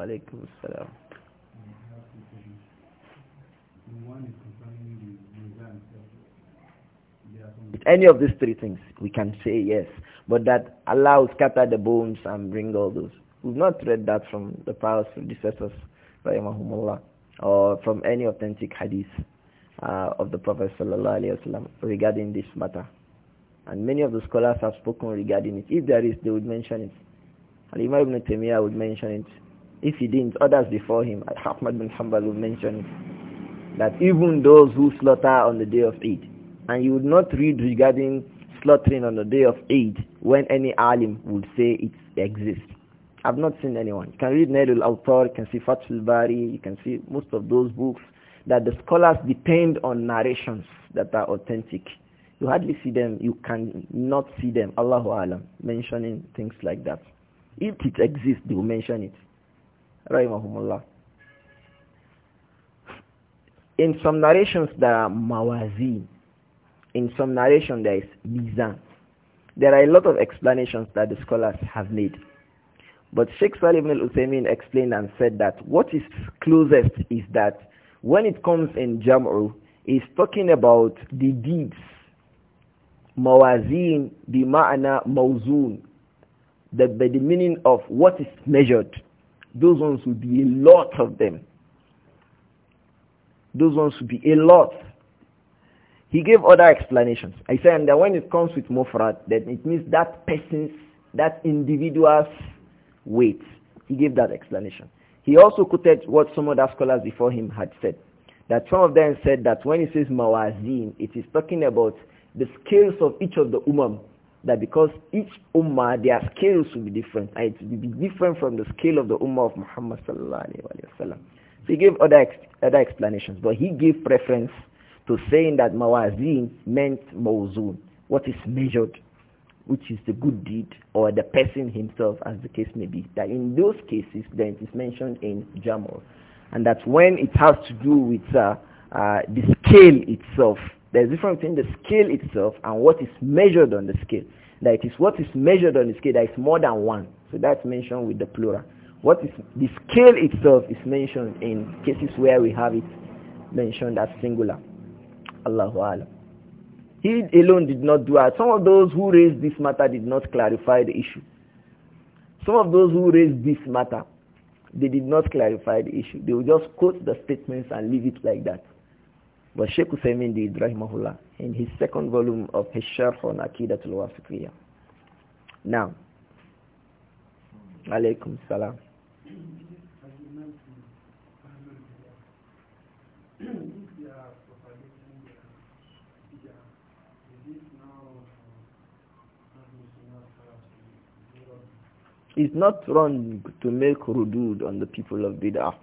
Any of these three things, we can say yes. But that Allah will scatter the bones and bring all those. We've not read that from the pious predecessors, rahimahumullah, or from any authentic hadith uh, of the Prophet wasallam regarding this matter. And many of the scholars have spoken regarding it. If there is, they would mention it. Al-Imam ibn Taymiyyah would mention it. If he didn't, others before him, Ahmad bin Hanbal will mention that even those who slaughter on the day of Eid, and you would not read regarding slaughtering on the day of Eid when any alim would say it exists. I've not seen anyone. You can read Nailul Autor, you can see Fatul Bari, you can see most of those books that the scholars depend on narrations that are authentic. You hardly see them, you can not see them, Allahu Alam, mentioning things like that. If it exists, they will mention it rahimahumullah. In some narrations there are mawazin In some narration there is mizan. There are a lot of explanations that the scholars have made. But Sheikh Salih al-Uthaymeen explained and said that what is closest is that when it comes in Jam'u, is talking about the deeds. Mawazin bima'ana mawzun. The, by the meaning of what is measured. Those ones will be a lot of them. Those ones will be a lot. He gave other explanations. I said that when it comes with mufrad, then it means that person's, that individual's weight. He gave that explanation. He also quoted what some other scholars before him had said. That some of them said that when he says mawazin, it is talking about the scales of each of the umam that because each ummah, their scales will be different. It will be different from the scale of the ummah of Muhammad sallallahu alayhi wa So he gave other, other explanations, but he gave preference to saying that mawazin meant mawzun, what is measured, which is the good deed or the person himself, as the case may be. That in those cases, then it is mentioned in Jamal. And that when it has to do with uh, uh, the scale itself, there's difference between the scale itself and what is measured on the scale. That it is what is measured on the scale that is more than one. So that's mentioned with the plural. What is the scale itself is mentioned in cases where we have it mentioned as singular. Allahu Alam. He alone did not do that. Some of those who raised this matter did not clarify the issue. Some of those who raised this matter, they did not clarify the issue. They would just quote the statements and leave it like that. But Sheikh Uthaymeen did, rahimahullah, in his second volume of his Sharh on Akidatul Wasiqiyya. Now, alaykum salam. It's not wrong to make rudud on the people of Bid'ah.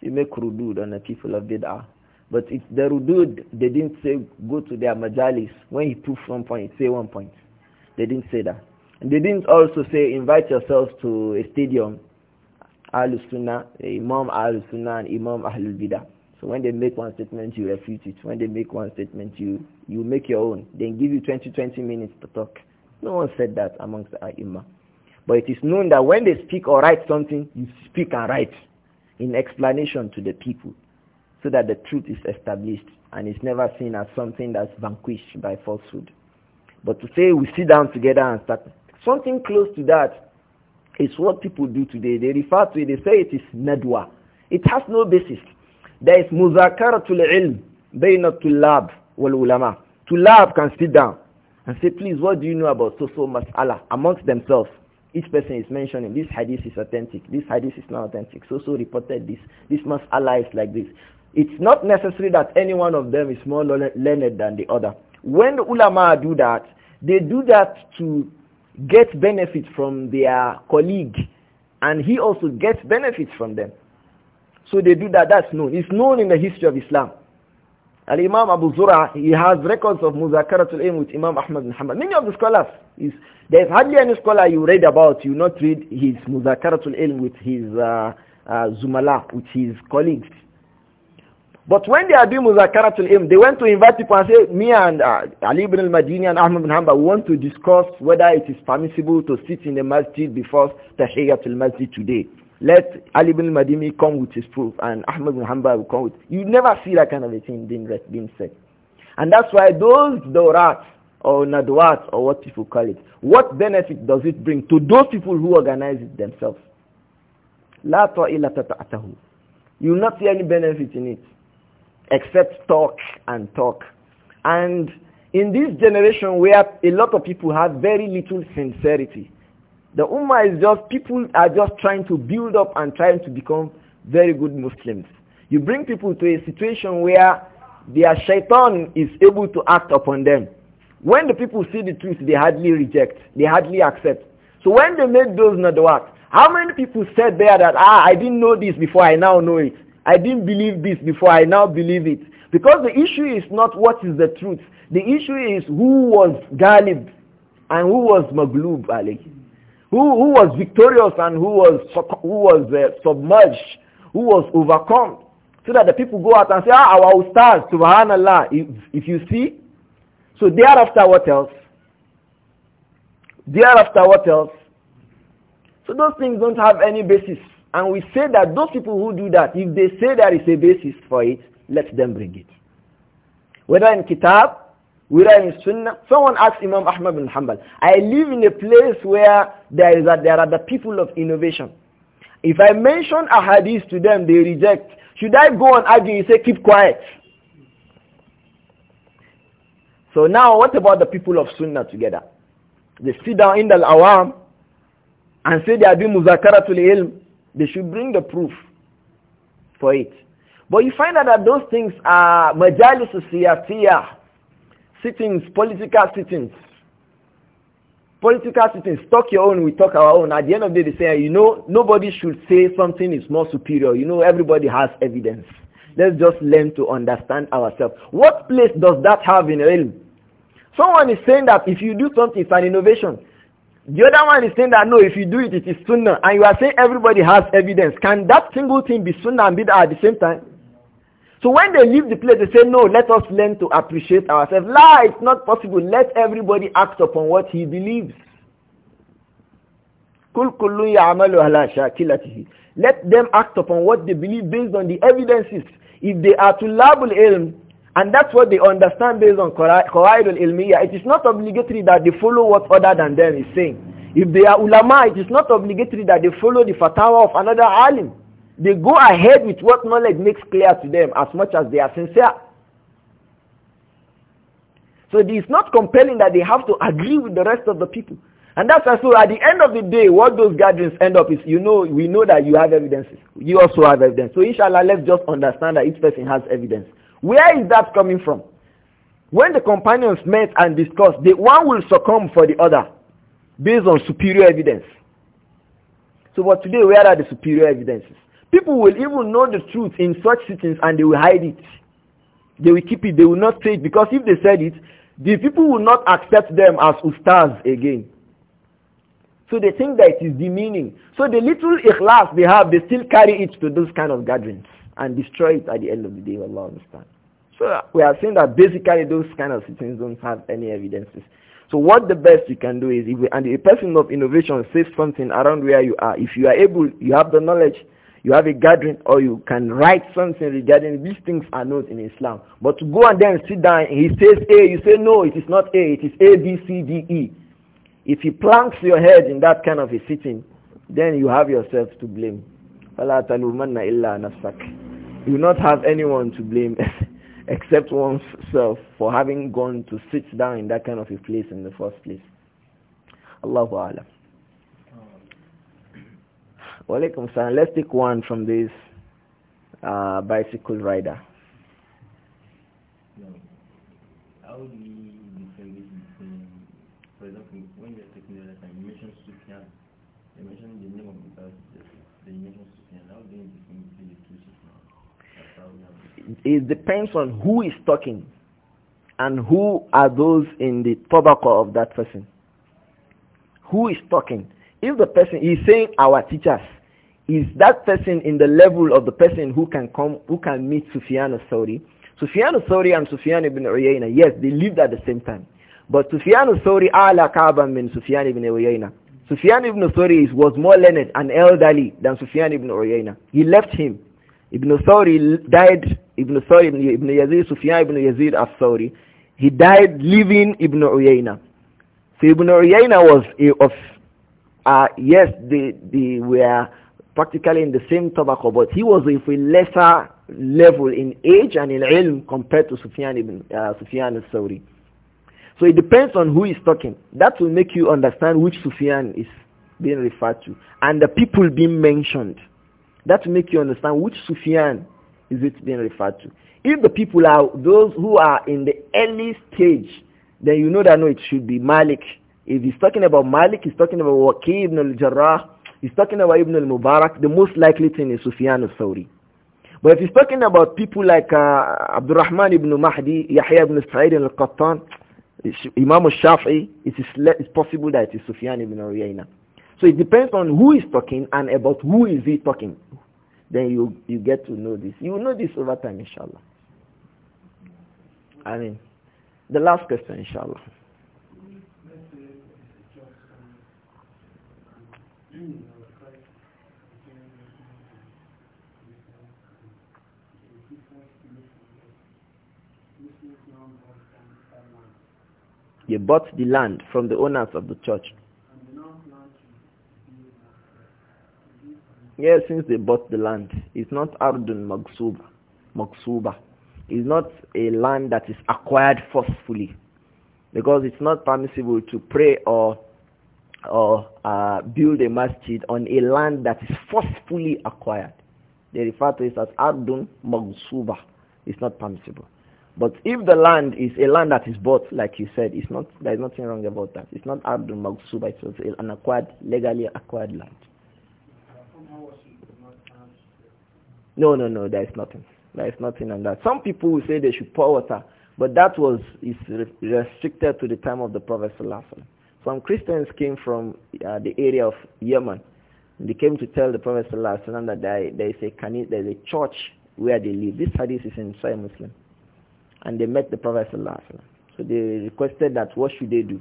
You make rudud on the people of Bid'ah. But it's the rudud, they didn't say go to their majalis. When he proved one point, say one point. They didn't say that. And they didn't also say invite yourselves to a stadium, Al-Sunnah, Imam Al-Sunnah and Imam Ahlul Bidah. So when they make one statement, you refute it. When they make one statement, you, you make your own. Then give you 20, 20 minutes to talk. No one said that amongst the Imam. But it is known that when they speak or write something, you speak and write in explanation to the people so that the truth is established and is never seen as something that's vanquished by falsehood. But to say we sit down together and start something close to that is what people do today. They refer to it, they say it is nadwa. It has no basis. There is muzakaratul ilm bayna lab wal ulama. Tulab can sit down and say, please, what do you know about so-so mas'ala amongst themselves? Each person is mentioning, this hadith is authentic, this hadith is not authentic, so-so reported this, this mas'ala is like this. It's not necessary that any one of them is more learned than the other. When the ulama do that, they do that to get benefit from their colleague and he also gets benefits from them. So they do that. That's known. It's known in the history of Islam. Al-Imam Abu Zura, he has records of Muzakaratul Aim with Imam Ahmad bin Hanbal. Many of the scholars, is, there's hardly any scholar you read about, you not read his Muzakaratul Aim with his uh, uh, Zumala, with his colleagues. But when they are doing Muzakaratul Im, they went to invite people and say, me and uh, Ali ibn al-Madini and Ahmad ibn Hanbal want to discuss whether it is permissible to sit in the masjid before Tahiyyatul Masjid today. Let Ali ibn al-Madini come with his proof and Ahmad ibn Hanbal will come with... You never see that kind of a thing being, being said. And that's why those Dorat or Nadwat or what people call it, what benefit does it bring to those people who organize it themselves? La ta'ila You will not see any benefit in it except talk and talk. And in this generation where a lot of people have very little sincerity, the Ummah is just, people are just trying to build up and trying to become very good Muslims. You bring people to a situation where their shaitan is able to act upon them. When the people see the truth, they hardly reject. They hardly accept. So when they made those nadawat, how many people said there that, ah, I didn't know this before, I now know it. I didn't believe this before, I now believe it. Because the issue is not what is the truth. The issue is who was Ghalib and who was Maglub Ali. Who, who was victorious and who was, who was uh, submerged, who was overcome. So that the people go out and say, ah, our ustaz, subhanallah, if, if you see. So thereafter, what else? Thereafter, what else? So those things don't have any basis. And we say that those people who do that, if they say there is a basis for it, let them bring it. Whether in Kitab, whether in Sunnah, someone asked Imam Ahmad bin Hanbal, I live in a place where there, is a, there are the people of innovation. If I mention a hadith to them, they reject. Should I go and argue? and say, keep quiet. So now what about the people of Sunnah together? They sit down in the awam and say they are doing muzakaratul ilm they should bring the proof for it. But you find out that those things are majalis siyasiyah, sittings, political sittings. Political sittings, talk your own, we talk our own. At the end of the day, they say, you know, nobody should say something is more superior. You know, everybody has evidence. Let's just learn to understand ourselves. What place does that have in ilm? Someone is saying that if you do something, it's an innovation. The other one is saying that no, if you do it, it is sunnah. And you are saying everybody has evidence. Can that single thing be sunnah and bid'ah at the same time? So when they leave the place, they say, no, let us learn to appreciate ourselves. La, it's not possible. Let everybody act upon what he believes. Let them act upon what they believe based on the evidences. If they are to label ilm, and that's what they understand based on Qur'ān al-Ilmiyyah. is not obligatory that they follow what other than them is saying. If they are ulama, it is not obligatory that they follow the fatwa of another alim. They go ahead with what knowledge makes clear to them as much as they are sincere. So it is not compelling that they have to agree with the rest of the people. And that's why, so at the end of the day, what those gatherings end up is, you know, we know that you have evidences. You also have evidence. So inshallah, let's just understand that each person has evidence. Where is that coming from? When the companions met and discussed, the one will succumb for the other based on superior evidence. So but today, where are the superior evidences? People will even know the truth in such sittings and they will hide it. They will keep it. They will not say it because if they said it, the people will not accept them as ustas again. So they think that it is demeaning. So the little ikhlas they have, they still carry it to those kind of gatherings and destroy it at the end of the day. Allah understand. So we are saying that basically those kind of things don't have any evidences. So what the best you can do is, if we, and a person of innovation says something around where you are, if you are able, you have the knowledge, you have a gathering, or you can write something regarding these things are not in Islam. But to go and then sit down, he says A, you say no, it is not A, it is A, B, C, D, E. If he planks your head in that kind of a sitting, then you have yourself to blame. فَلَا تَلُومَنَّ إِلَّا نَفْسَكَ You will not have anyone to blame except oneself for having gone to sit down in that kind of a place in the first place. Allahu Alam. Walaikum salam. Let's take one from this uh, bicycle rider. How do you distinguish between, for example, when you're taking the letter, you mentioned Sufyan, you mentioned the name of the person, they it depends on who is talking and who are those in the tobacco of that person. Who is talking? If the person is saying our teachers, is that person in the level of the person who can come, who can meet Sufyan al-Thawri? Sufyan al and Sufyan ibn Uyayna, yes, they lived at the same time. But Sufyan al-Thawri ala Ka'ban min Sufyan ibn Uyayna. Sufyan ibn Thawri was more learned and elderly than Sufyan ibn Uyayna. He left him. Ibn Thawri died, Ibn Thawri, Ibn Yazid, Sufyan ibn Yazid al-Thawri. He died leaving Ibn Uyayna. So Ibn Uyayna was of, uh, yes, they, they were practically in the same tobacco, but he was of a lesser level in age and in ilm compared to Sufyan ibn, uh, Sufyan al-Thawri. So it depends on who is talking. That will make you understand which Sufyan is being referred to and the people being mentioned. That will make you understand which Sufyan is it being referred to. If the people are those who are in the early stage, then you know that no, it should be Malik. If he's talking about Malik, he's talking about Waqi ibn al-Jarrah, he's talking about Ibn al-Mubarak, the most likely thing is Sufyan al-Thawri. But if he's talking about people like uh, Abdurrahman ibn Mahdi, Yahya ibn Sa'id al-Qattan, Imam Shafi'i, it is it's possible that it is Sufyan ibn Uyayna. So it depends on who is talking and about who is he talking. Then you, you get to know this. You will know this over time, inshallah. I mean, the last question, inshallah. Mm. They bought the land from the owners of the church. Yes, yeah, since they bought the land, it's not Ardun Magsuba. Magsuba. It's not a land that is acquired forcefully because it's not permissible to pray or or uh, build a masjid on a land that is forcefully acquired. They refer to it as Ardun Magsuba. It's not permissible. But if the land is a land that is bought, like you said, it's not, there's nothing wrong about that. It's not Abdul Maghsuba, it's an acquired, legally acquired land. No, no, no, there is nothing. There is nothing on that. Some people will say they should pour water, but that was is restricted to the time of the Prophet Some Christians came from uh, the area of Yemen. They came to tell the Prophet that there, is a, there is a church where they live. This hadith is in Sahih Muslim and they met the Prophet sallallahu So they requested that what should they do?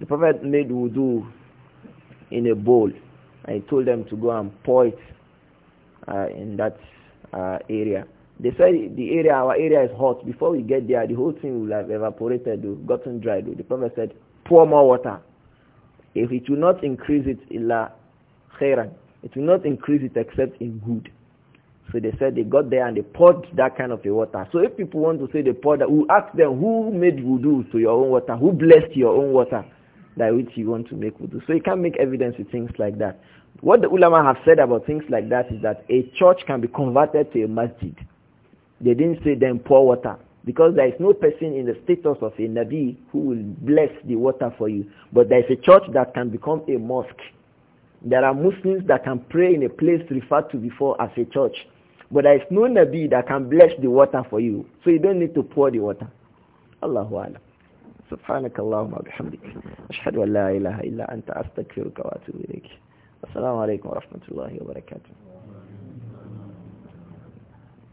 The Prophet made wudu in a bowl and he told them to go and pour it uh, in that uh, area. They said the area, our area is hot. Before we get there, the whole thing will have evaporated, though, gotten dry. Though. The Prophet said, pour more water. If it will not increase it, illa khairan. It will not increase it except in good. So they said they got there and they poured that kind of a water. So if people want to say they poured that, we we'll ask them who made wudu to your own water, who blessed your own water that which you want to make wudu. So you can't make evidence with things like that. What the ulama have said about things like that is that a church can be converted to a masjid. They didn't say then pour water because there is no person in the status of a Nabi who will bless the water for you. But there is a church that can become a mosque. There are Muslims that can pray in a place referred to before as a church. But there is no Nabi that can bless the water for you. So you don't need to pour the water. Allahu Alam. سبحانك اللهم وبحمدك أشهد أن لا إله إلا أنت أستغفرك وأتوب إليك السلام عليكم ورحمة الله وبركاته